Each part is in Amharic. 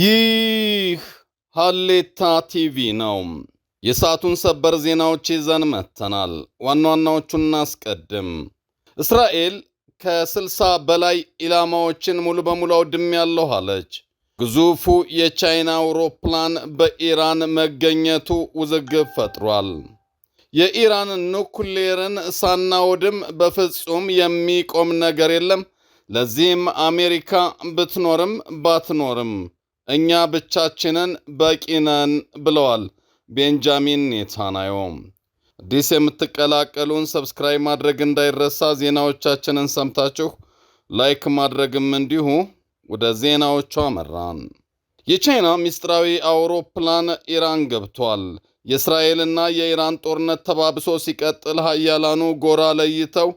ይህ ሀሌታ ቲቪ ነው። የሰዓቱን ሰበር ዜናዎች ይዘን መጥተናል። ዋና ዋናዎቹን እናስቀድም። እስራኤል ከ60 በላይ ኢላማዎችን ሙሉ በሙሉ አውድሜያለሁ አለች። ግዙፉ የቻይና አውሮፕላን በኢራን መገኘቱ ውዝግብ ፈጥሯል። የኢራን ኑክሌርን ሳናውድም በፍጹም የሚቆም ነገር የለም። ለዚህም አሜሪካ ብትኖርም ባትኖርም እኛ ብቻችንን በቂ ነን ብለዋል ቤንጃሚን ኔታንያሁ። አዲስ የምትቀላቀሉን ሰብስክራይብ ማድረግ እንዳይረሳ፣ ዜናዎቻችንን ሰምታችሁ ላይክ ማድረግም እንዲሁ። ወደ ዜናዎቹ አመራን። የቻይና ሚስጥራዊ አውሮፕላን ኢራን ገብቷል። የእስራኤልና የኢራን ጦርነት ተባብሶ ሲቀጥል ሀያላኑ ጎራ ለይተው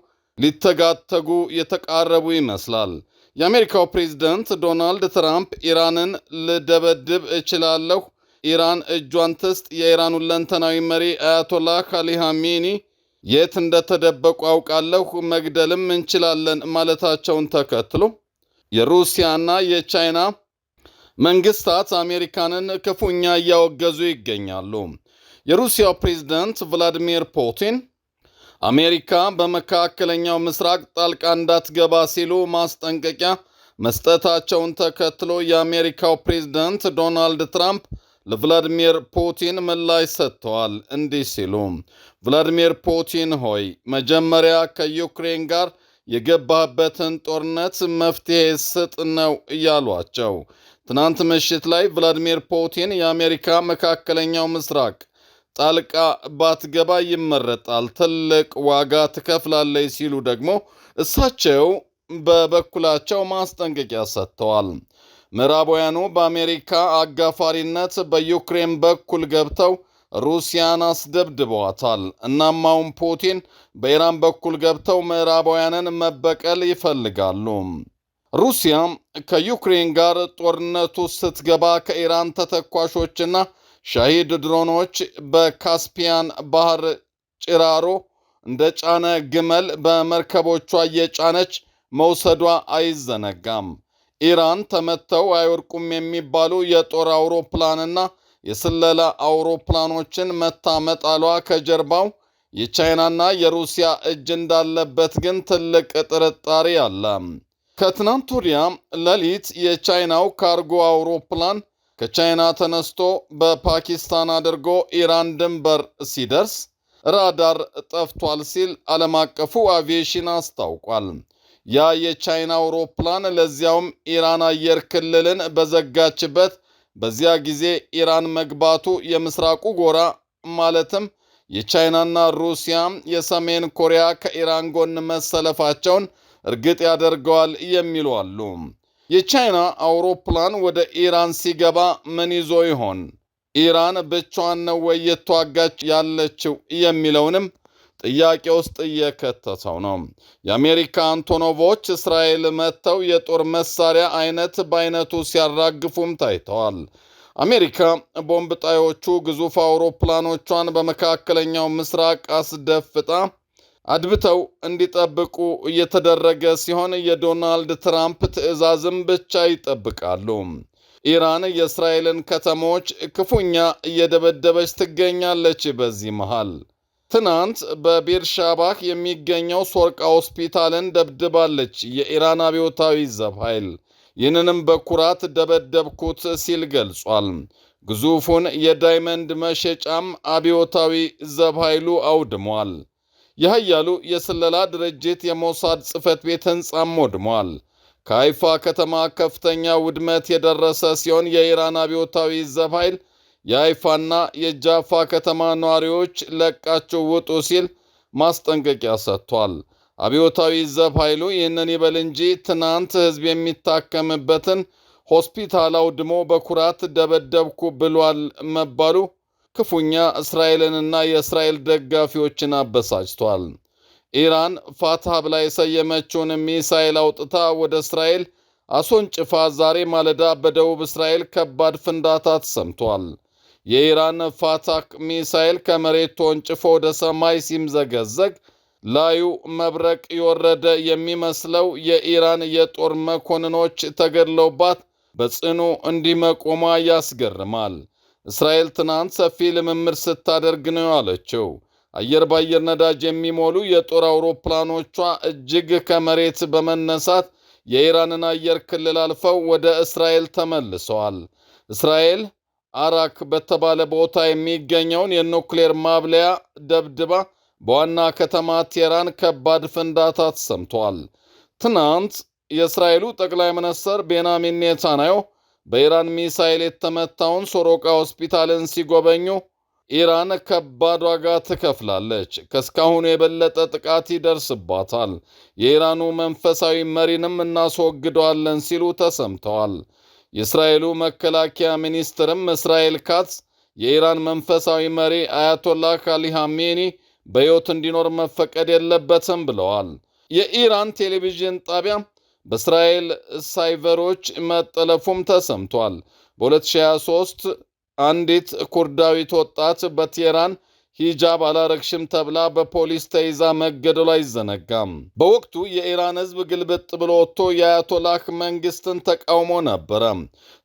ሊተጋተጉ የተቃረቡ ይመስላል። የአሜሪካው ፕሬዚደንት ዶናልድ ትራምፕ ኢራንን ልደበድብ እችላለሁ፣ ኢራን እጇን ትስጥ፣ የኢራኑ ለንተናዊ መሪ አያቶላ ካሊ የት እንደተደበቁ አውቃለሁ፣ መግደልም እንችላለን ማለታቸውን ተከትሎ የሩሲያና የቻይና መንግስታት አሜሪካንን ክፉኛ እያወገዙ ይገኛሉ። የሩሲያው ፕሬዝደንት ቭላዲሚር ፑቲን አሜሪካ በመካከለኛው ምስራቅ ጣልቃ እንዳትገባ ሲሉ ማስጠንቀቂያ መስጠታቸውን ተከትሎ የአሜሪካው ፕሬዝዳንት ዶናልድ ትራምፕ ለቭላዲሚር ፑቲን ምላሽ ሰጥተዋል። እንዲህ ሲሉ ቭላዲሚር ፑቲን ሆይ መጀመሪያ ከዩክሬን ጋር የገባህበትን ጦርነት መፍትሄ ስጥ ነው እያሏቸው። ትናንት ምሽት ላይ ቭላዲሚር ፑቲን የአሜሪካ መካከለኛው ምስራቅ ጣልቃ ባትገባ ይመረጣል፣ ትልቅ ዋጋ ትከፍላለች ሲሉ ደግሞ እሳቸው በበኩላቸው ማስጠንቀቂያ ሰጥተዋል። ምዕራባውያኑ በአሜሪካ አጋፋሪነት በዩክሬን በኩል ገብተው ሩሲያን አስደብድበዋታል። እናም አሁን ፑቲን በኢራን በኩል ገብተው ምዕራባውያንን መበቀል ይፈልጋሉ። ሩሲያ ከዩክሬን ጋር ጦርነቱ ስትገባ ከኢራን ተተኳሾችና ሻሂድ ድሮኖች በካስፒያን ባህር ጭራሮ እንደ ጫነ ግመል በመርከቦቿ እየጫነች መውሰዷ አይዘነጋም። ኢራን ተመተው አይወርቁም የሚባሉ የጦር አውሮፕላንና የስለላ አውሮፕላኖችን መታመጣሏ ከጀርባው የቻይናና የሩሲያ እጅ እንዳለበት ግን ትልቅ ጥርጣሬ አለ። ከትናንት ወዲያ ሌሊት የቻይናው ካርጎ አውሮፕላን ከቻይና ተነስቶ በፓኪስታን አድርጎ ኢራን ድንበር ሲደርስ ራዳር ጠፍቷል ሲል ዓለም አቀፉ አቪዬሽን አስታውቋል። ያ የቻይና አውሮፕላን ለዚያውም ኢራን አየር ክልልን በዘጋችበት በዚያ ጊዜ ኢራን መግባቱ የምስራቁ ጎራ ማለትም የቻይናና ሩሲያ፣ የሰሜን ኮሪያ ከኢራን ጎን መሰለፋቸውን እርግጥ ያደርገዋል የሚሉ አሉ። የቻይና አውሮፕላን ወደ ኢራን ሲገባ ምን ይዞ ይሆን? ኢራን ብቻዋን ነው ወይ የተዋጋች ያለችው የሚለውንም ጥያቄ ውስጥ እየከተተው ነው። የአሜሪካ አንቶኖቮች እስራኤል መጥተው የጦር መሳሪያ አይነት በአይነቱ ሲያራግፉም ታይተዋል። አሜሪካ ቦምብ ጣዮቹ ግዙፍ አውሮፕላኖቿን በመካከለኛው ምስራቅ አስደፍጣ አድብተው እንዲጠብቁ እየተደረገ ሲሆን የዶናልድ ትራምፕ ትዕዛዝም ብቻ ይጠብቃሉ። ኢራን የእስራኤልን ከተሞች ክፉኛ እየደበደበች ትገኛለች። በዚህ መሃል ትናንት በቤርሻባህ የሚገኘው ሶርቃ ሆስፒታልን ደብድባለች የኢራን አብዮታዊ ዘብ ኃይል። ይህንንም በኩራት ደበደብኩት ሲል ገልጿል። ግዙፉን የዳይመንድ መሸጫም አብዮታዊ ዘብ ኃይሉ አውድሟል። የሀያሉ የስለላ ድርጅት የሞሳድ ጽሕፈት ቤት ሕንፃም ወድሟል። ከተማ ከፍተኛ ውድመት የደረሰ ሲሆን የኢራን አብዮታዊ ዘብ ኃይል የሀይፋና የጃፋ ከተማ ነዋሪዎች ለቃችሁ ውጡ ሲል ማስጠንቀቂያ ሰጥቷል። አብዮታዊ ዘብ ኃይሉ ይህንን ይበል እንጂ ትናንት ሕዝብ የሚታከምበትን ሆስፒታል አውድሞ በኩራት ደበደብኩ ብሏል መባሉ ክፉኛ እስራኤልንና የእስራኤል ደጋፊዎችን አበሳጭቷል። ኢራን ፋትሃ ብላ የሰየመችውን ሚሳኤል አውጥታ ወደ እስራኤል አስወንጭፋ ዛሬ ማለዳ በደቡብ እስራኤል ከባድ ፍንዳታ ተሰምቷል። የኢራን ፋታክ ሚሳኤል ከመሬት ተወንጭፎ ወደ ሰማይ ሲምዘገዘግ ላዩ መብረቅ የወረደ የሚመስለው የኢራን የጦር መኮንኖች ተገድለውባት በጽኑ እንዲመቆሟ ያስገርማል። እስራኤል ትናንት ሰፊ ልምምድ ስታደርግ ነው አለችው። አየር በአየር ነዳጅ የሚሞሉ የጦር አውሮፕላኖቿ እጅግ ከመሬት በመነሳት የኢራንን አየር ክልል አልፈው ወደ እስራኤል ተመልሰዋል። እስራኤል አራክ በተባለ ቦታ የሚገኘውን የኑክሌር ማብለያ ደብድባ በዋና ከተማ ቴራን ከባድ ፍንዳታ ተሰምቷል። ትናንት የእስራኤሉ ጠቅላይ ሚኒስትር ቤንያሚን ኔታንያሁ በኢራን ሚሳይል የተመታውን ሶሮቃ ሆስፒታልን ሲጎበኙ ኢራን ከባድ ዋጋ ትከፍላለች፣ ከእስካሁኑ የበለጠ ጥቃት ይደርስባታል፣ የኢራኑ መንፈሳዊ መሪንም እናስወግደዋለን ሲሉ ተሰምተዋል። የእስራኤሉ መከላከያ ሚኒስትርም እስራኤል ካትስ የኢራን መንፈሳዊ መሪ አያቶላህ አሊ ኻሜኒ በሕይወት እንዲኖር መፈቀድ የለበትም ብለዋል። የኢራን ቴሌቪዥን ጣቢያ በእስራኤል ሳይቨሮች መጠለፉም ተሰምቷል። በ2023 አንዲት ኩርዳዊት ወጣት በቴህራን ሂጃብ አላረግሽም ተብላ በፖሊስ ተይዛ መገደሉ አይዘነጋም። በወቅቱ የኢራን ሕዝብ ግልብጥ ብሎ ወጥቶ የአያቶላህ መንግስትን ተቃውሞ ነበረ።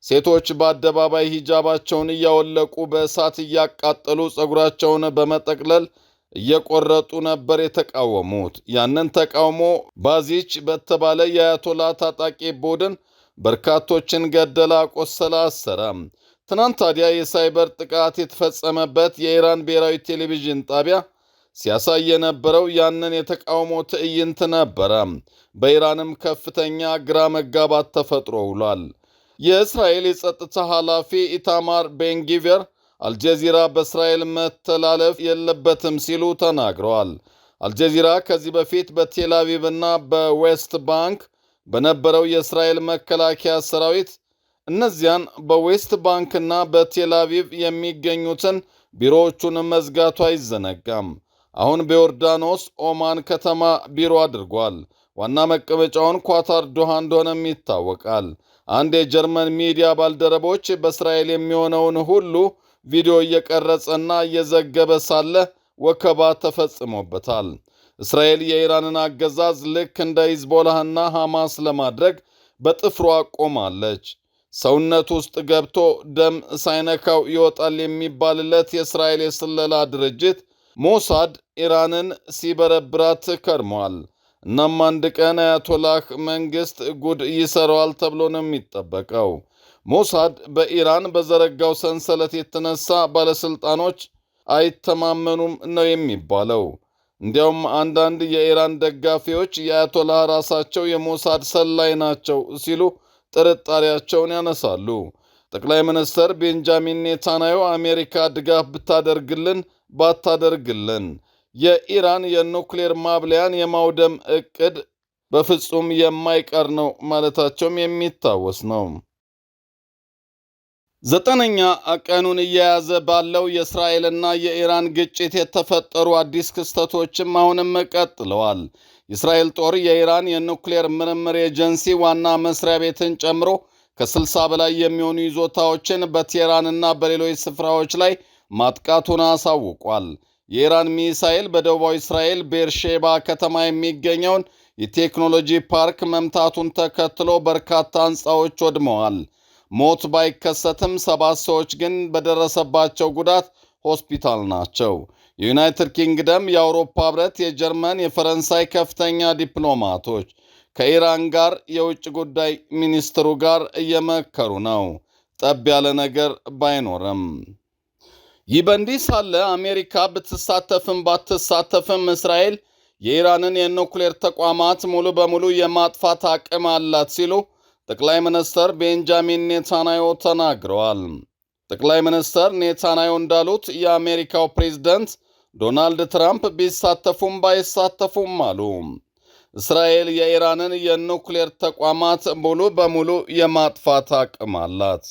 ሴቶች በአደባባይ ሂጃባቸውን እያወለቁ በእሳት እያቃጠሉ ጸጉራቸውን በመጠቅለል እየቆረጡ ነበር የተቃወሙት። ያንን ተቃውሞ ባዚች በተባለ የአያቶላ ታጣቂ ቡድን በርካቶችን ገደለ፣ አቆሰለ፣ አሰረ። ትናንት ታዲያ የሳይበር ጥቃት የተፈጸመበት የኢራን ብሔራዊ ቴሌቪዥን ጣቢያ ሲያሳይ የነበረው ያንን የተቃውሞ ትዕይንት ነበረ። በኢራንም ከፍተኛ ግራ መጋባት ተፈጥሮ ውሏል። የእስራኤል የጸጥታ ኃላፊ ኢታማር ቤንጊቨር አልጀዚራ በእስራኤል መተላለፍ የለበትም ሲሉ ተናግረዋል። አልጀዚራ ከዚህ በፊት በቴል እና በዌስት ባንክ በነበረው የእስራኤል መከላከያ ሰራዊት እነዚያን በዌስት ባንክና በቴል አቪቭ የሚገኙትን ቢሮዎቹን መዝጋቱ አይዘነጋም። አሁን በዮርዳኖስ ኦማን ከተማ ቢሮ አድርጓል። ዋና መቀመጫውን ኳታር ዶሃ እንደሆነም ይታወቃል። አንድ የጀርመን ሚዲያ ባልደረቦች በእስራኤል የሚሆነውን ሁሉ ቪዲዮ እየቀረጸና እየዘገበ ሳለ ወከባ ተፈጽሞበታል። እስራኤል የኢራንን አገዛዝ ልክ እንደ ሂዝቦላህና ሐማስ ለማድረግ በጥፍሯ ቆማለች። ሰውነት ውስጥ ገብቶ ደም ሳይነካው ይወጣል የሚባልለት የእስራኤል የስለላ ድርጅት ሞሳድ ኢራንን ሲበረብራት ከርሟል። እናም አንድ ቀን አያቶላህ መንግሥት ጉድ ይሰራዋል ተብሎ ነው የሚጠበቀው። ሞሳድ በኢራን በዘረጋው ሰንሰለት የተነሳ ባለሥልጣኖች አይተማመኑም ነው የሚባለው። እንዲያውም አንዳንድ የኢራን ደጋፊዎች የአያቶላህ ራሳቸው የሞሳድ ሰላይ ናቸው ሲሉ ጥርጣሬያቸውን ያነሳሉ። ጠቅላይ ሚኒስትር ቤንጃሚን ኔታንያሁ አሜሪካ ድጋፍ ብታደርግልን ባታደርግልን የኢራን የኑክሌር ማብለያን የማውደም ዕቅድ በፍጹም የማይቀር ነው ማለታቸውም የሚታወስ ነው። ዘጠነኛ ቀኑን እየያዘ ባለው የእስራኤልና የኢራን ግጭት የተፈጠሩ አዲስ ክስተቶችም አሁንም ቀጥለዋል። የእስራኤል ጦር የኢራን የኑክሌር ምርምር ኤጀንሲ ዋና መስሪያ ቤትን ጨምሮ ከ60 በላይ የሚሆኑ ይዞታዎችን በቴህራንና በሌሎች ስፍራዎች ላይ ማጥቃቱን አሳውቋል። የኢራን ሚሳኤል በደቡባዊ እስራኤል ቤርሼባ ከተማ የሚገኘውን የቴክኖሎጂ ፓርክ መምታቱን ተከትሎ በርካታ ሕንፃዎች ወድመዋል። ሞት ባይከሰትም ሰባት ሰዎች ግን በደረሰባቸው ጉዳት ሆስፒታል ናቸው። የዩናይትድ ኪንግደም፣ የአውሮፓ ህብረት፣ የጀርመን፣ የፈረንሳይ ከፍተኛ ዲፕሎማቶች ከኢራን ጋር የውጭ ጉዳይ ሚኒስትሩ ጋር እየመከሩ ነው። ጠብ ያለ ነገር ባይኖርም ይህ በእንዲህ ሳለ አሜሪካ ብትሳተፍም ባትሳተፍም እስራኤል የኢራንን የኑክሌር ተቋማት ሙሉ በሙሉ የማጥፋት አቅም አላት ሲሉ ጠቅላይ ሚኒስትር ቤንጃሚን ኔታንያሁ ተናግረዋል። ጠቅላይ ሚኒስትር ኔታንያሁ እንዳሉት የአሜሪካው ፕሬዝደንት ዶናልድ ትራምፕ ቢሳተፉም ባይሳተፉም አሉ እስራኤል የኢራንን የኑክሌር ተቋማት ሙሉ በሙሉ የማጥፋት አቅም አላት።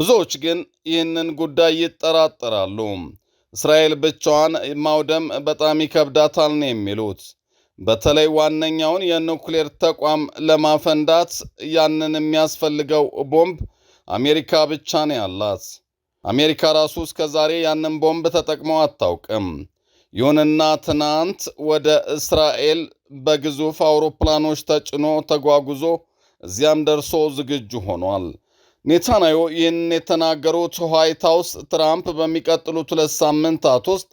ብዙዎች ግን ይህንን ጉዳይ ይጠራጠራሉ። እስራኤል ብቻዋን ማውደም በጣም ይከብዳታል ነው የሚሉት። በተለይ ዋነኛውን የኑክሌር ተቋም ለማፈንዳት ያንን የሚያስፈልገው ቦምብ አሜሪካ ብቻ ነው ያላት። አሜሪካ ራሱ እስከ ዛሬ ያንን ቦምብ ተጠቅመው አታውቅም። ይሁንና ትናንት ወደ እስራኤል በግዙፍ አውሮፕላኖች ተጭኖ ተጓጉዞ እዚያም ደርሶ ዝግጁ ሆኗል። ኔታንያሁ ይህን የተናገሩት ዋይት ሀውስ ትራምፕ በሚቀጥሉት ሁለት ሳምንታት ውስጥ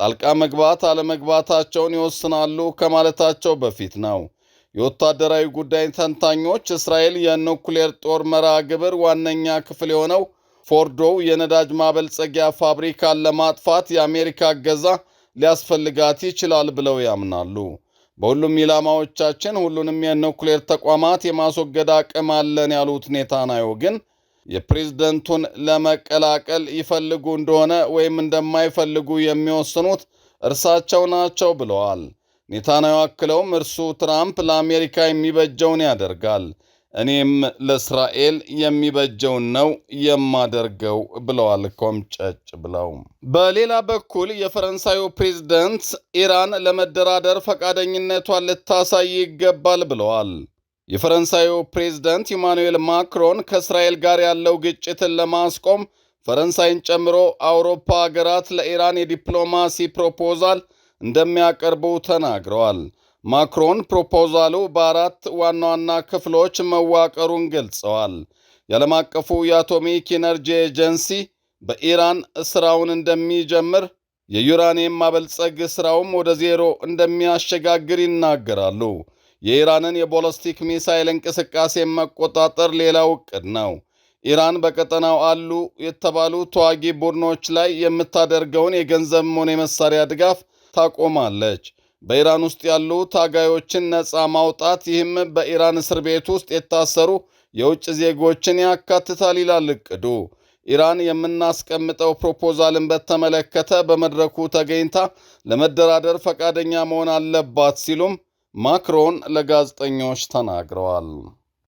ጣልቃ መግባት አለመግባታቸውን ይወስናሉ ከማለታቸው በፊት ነው። የወታደራዊ ጉዳይ ተንታኞች እስራኤል የኑክሌር ጦር መርሃ ግብር ዋነኛ ክፍል የሆነው ፎርዶው የነዳጅ ማበልጸጊያ ፋብሪካን ለማጥፋት የአሜሪካ እገዛ ሊያስፈልጋት ይችላል ብለው ያምናሉ። በሁሉም ኢላማዎቻችን ሁሉንም የኑክሌር ተቋማት የማስወገድ አቅም አለን ያሉት ኔታናዮ ግን የፕሬዝደንቱን ለመቀላቀል ይፈልጉ እንደሆነ ወይም እንደማይፈልጉ የሚወስኑት እርሳቸው ናቸው ብለዋል። ኔታንያሁ አክለውም እርሱ ትራምፕ ለአሜሪካ የሚበጀውን ያደርጋል፣ እኔም ለእስራኤል የሚበጀውን ነው የማደርገው ብለዋል ኮምጨጭ ብለው። በሌላ በኩል የፈረንሳዩ ፕሬዝደንት ኢራን ለመደራደር ፈቃደኝነቷን ልታሳይ ይገባል ብለዋል። የፈረንሳዩ ፕሬዝደንት ኢማኑኤል ማክሮን ከእስራኤል ጋር ያለው ግጭትን ለማስቆም ፈረንሳይን ጨምሮ አውሮፓ ሀገራት ለኢራን የዲፕሎማሲ ፕሮፖዛል እንደሚያቀርቡ ተናግረዋል። ማክሮን ፕሮፖዛሉ በአራት ዋና ዋና ክፍሎች መዋቀሩን ገልጸዋል። የዓለም አቀፉ የአቶሚክ ኢነርጂ ኤጀንሲ በኢራን ሥራውን እንደሚጀምር፣ የዩራኒየም ማበልጸግ ሥራውም ወደ ዜሮ እንደሚያሸጋግር ይናገራሉ። የኢራንን የቦለስቲክ ሚሳይል እንቅስቃሴ መቆጣጠር ሌላው እቅድ ነው። ኢራን በቀጠናው አሉ የተባሉ ተዋጊ ቡድኖች ላይ የምታደርገውን የገንዘብም ሆነ የመሳሪያ ድጋፍ ታቆማለች። በኢራን ውስጥ ያሉ ታጋዮችን ነፃ ማውጣት፣ ይህም በኢራን እስር ቤት ውስጥ የታሰሩ የውጭ ዜጎችን ያካትታል ይላል እቅዱ። ኢራን የምናስቀምጠው ፕሮፖዛልን በተመለከተ በመድረኩ ተገኝታ ለመደራደር ፈቃደኛ መሆን አለባት ሲሉም ማክሮን ለጋዜጠኞች ተናግረዋል።